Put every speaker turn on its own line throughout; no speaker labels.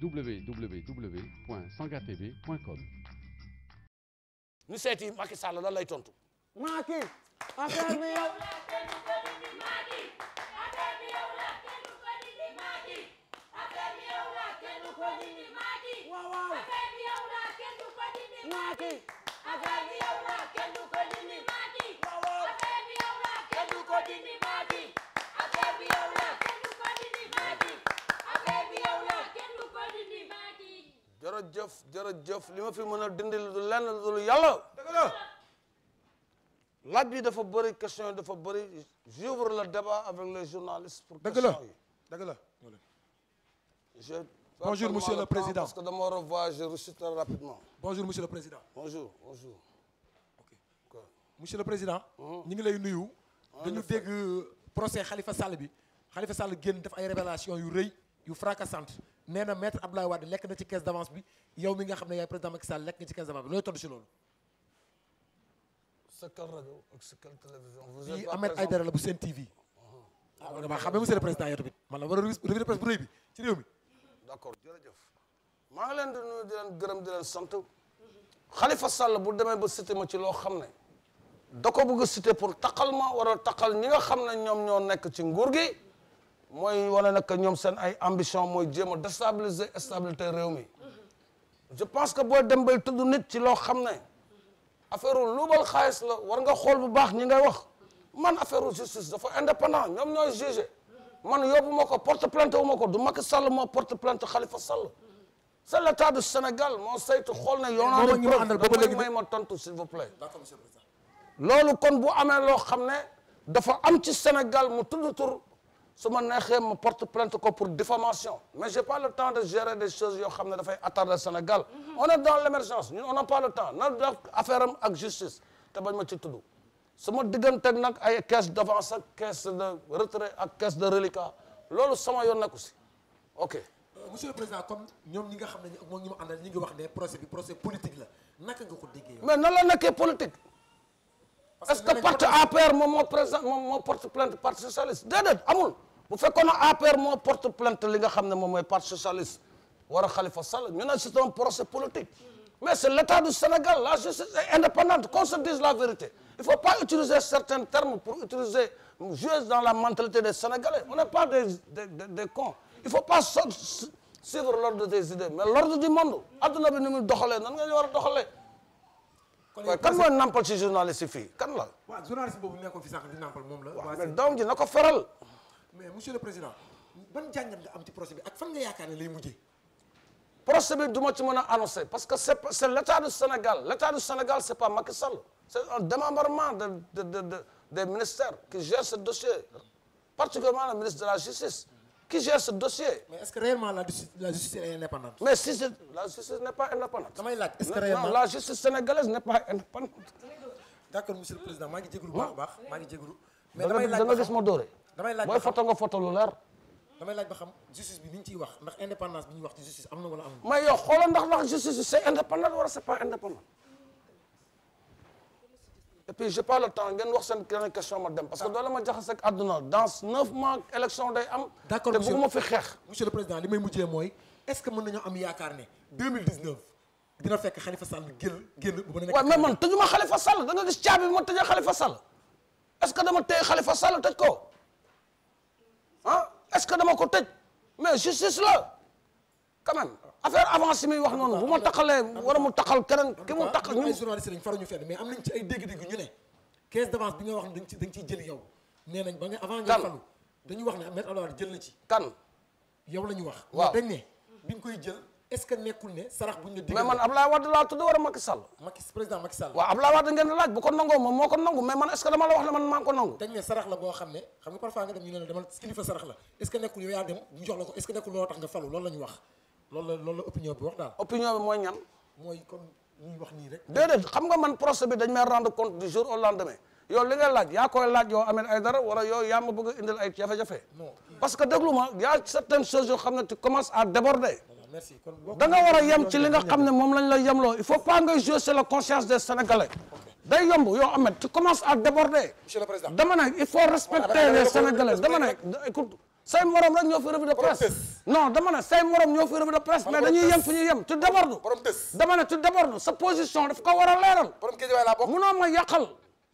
www.sangatv.com. ñu seeti Macky Sall lan lay tontu. Macky affaire bi yow. Macky jëf jara jëf li ma fi mën a dindi lu lenn lu dul yàlla laaj bi dafa bëri question yi dafa bëri j'ouvre le débat avec les journalistes pour question yi la dëgg la bonjour monsieur le président parce que dama war a voyager Russie très rapidement bonjour monsieur le président bonjour bonjour ok monsieur le président ñu ngi lay nuyu dañu dégg procès Khalifa Sall bi Khalifa Sall génn def ay révélation yu rëy yu fracassante nee na maître Abdoulaye Wade lekk na ci caisse d'avance bi yow mi nga xam ne yaay président Macky Sall lekk nga ci caisse d'avance bi looy tontu si loolu. sa kan rajo ak sa kan télévision. vous êtes Ahmed Aïdara la bu Sen TV. ah man ah, damaa xam ne monsieur le président yow tamit man la war a revue de presse bu rëy bi ci réew mi. d' accord jërëjëf. maa ngi leen di nuyu gërëm di sant. Khalifa Sall bu demee ba cité ma ci loo xam ne. da ko bëgg a cité pour taqal ma war a taqal ñi nga xam ne ñoom ñoo nekk ci nguur gi. mooy wane nag ñoom seen ay ambition mooy jéem a déstabiliser stabilité réew mi je pense que boo dem bay tudd nit ci loo xam ne affaire luubal xaalis la war nga xool bu baax ñi ngay wax man affaire justice dafa indépendant ñoom ñooy jugé man yóbbu ma ko porte plainte wu ma ko du Macky Sall moo porte plante Khalifa Sall c' est l' état du Sénégal moo saytu xool ne yow naa ñu ma àndal ba léegi may ma tontu s'il vous plaît loolu kon bu amee loo xam ne dafa am ci Sénégal mu tudd tur su ma neexee ma porte plainte ko pour diffamation mais j'ai pas le temps de gérer des choses yoo xam ne dafay attarder Sénégal mhm. on est dans l'émergence on n'a pas le temps na def affaire ak justice te bañ ma ci tudd sama digganteeg nag ay caisse d'avance ak caisse de retrait ak caisse de reliquat loolu sama yoon nekku si ok euh, monsieur le président comme ñoom ñi nga xam ne moom ñi wax ne procès bi procès politique la naka nga ko déggee mais nan la nekkee est-ce que parti APR moom moo président moom moo porte plainte parti bu fekkoon ne APR moo porte plainte li nga xam ne moom mooy parti socialiste war a Khalifa Sall ñu ne c'est un procès politique mais c'est l'état du Sénégal la justice est indépendante qu'on se dise la vérité il faut pas utiliser certains termes pour utiliser jouer dans la mentalité des Sénégalais on n'est pas des des des, des cons il faut pas suivre l'ordre des idées mais l'ordre du monde adduna bi ni muy doxalee nan nga war a doxalee. kon kan mooy nampal ci journaliste yi fii kan la. waaw journaliste mais monsieur le président ban jàngat am ci procès bi ak fan nga yaakaar ne du ma ci mën a annoncer parce que c'est c'est l'état du Sénégal l'état du Sénégal c'est pas Macky c'est un démembrement de de des ministères qui gère ce dossier particulièrement le ministre de la justice. qui gère ce dossier. mais si c'est la justice n'est pas indépendante. damay laaj est-ce que réellement non la justice sénégalaise n'est pas indépendante. d'accord monsieur le président maa ngi jégalu. bu baax a baax maa ngi jégalu. mais damay laaj ma doore. damay laaj mooy foto nga foto lu leer. damay laaj wax ndax na wala amul. mais yow xoolal ndax ndax justice indépendant wala c'est pas indépendant. wax seen keneen question ma dem parce que ah. doole ma jaxase ak àdduna dans neuf mois élection day am. te bëgguma fi xeex. monsieur le président li may mujjee mooy est-ce que mën nañoo am yaakaar ne dina fekk Khalifa Sall génn génn bu mën a nekk. waaw mais man tëjuma Khalifa Sall da nga gis caabi bi ma tëjee Khalifa Sall est-ce que dama téye Khalifa Sall tëj ko. est-ce que dama ko tëj mais justice la quand même affaire avance mi wax noonu bu ma taxalee war a mu taxal keneen ki mu taxal ñun ay journaliste am nañ ci ay dégg-dégg ñu ne caisse d'avance bi wax ne dañ ci dañ ciy jël yow nee nañ ba nga avant dañu wax ne Maître Abdoulaye Wade jël na ci kan yow la ñu wax waaw dañ ne bi nga koy jël est-ce que nekkul ne sarax bu ñu. mais man Abdoulaye Wade laa tudd war a Macky Sall. Macky président Macky Sall. ngeen laaj bu ko nangoo moo ko nangu mais man est-ce que dama la wax ne man ko nangu. dañ ne sarax la boo sarax la est xam nga a a certaines choses yoo xam ne tu commences à déborder. da nga war a yem ci li nga ne moom lañ la yemloo il faut pas ngay jouer la conscience des sénégalais day yomb yow Ahmed tu commences à déborder. monsieur il faut respecter les sénégalais dama say morom rek ñoo fi revue de presse non dama say morom ñoo fi revue de presse mais dañuy yem fu ñuy yem tu débordes dama tu débordes sa position daf ko war a leeral munoo ma yàqal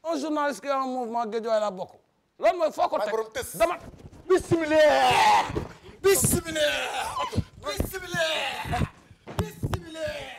un journaliste qui a un mouvement Guédiawaye laa bokk loolu mooy foo ko teg dama bisimilah bismillah bismillah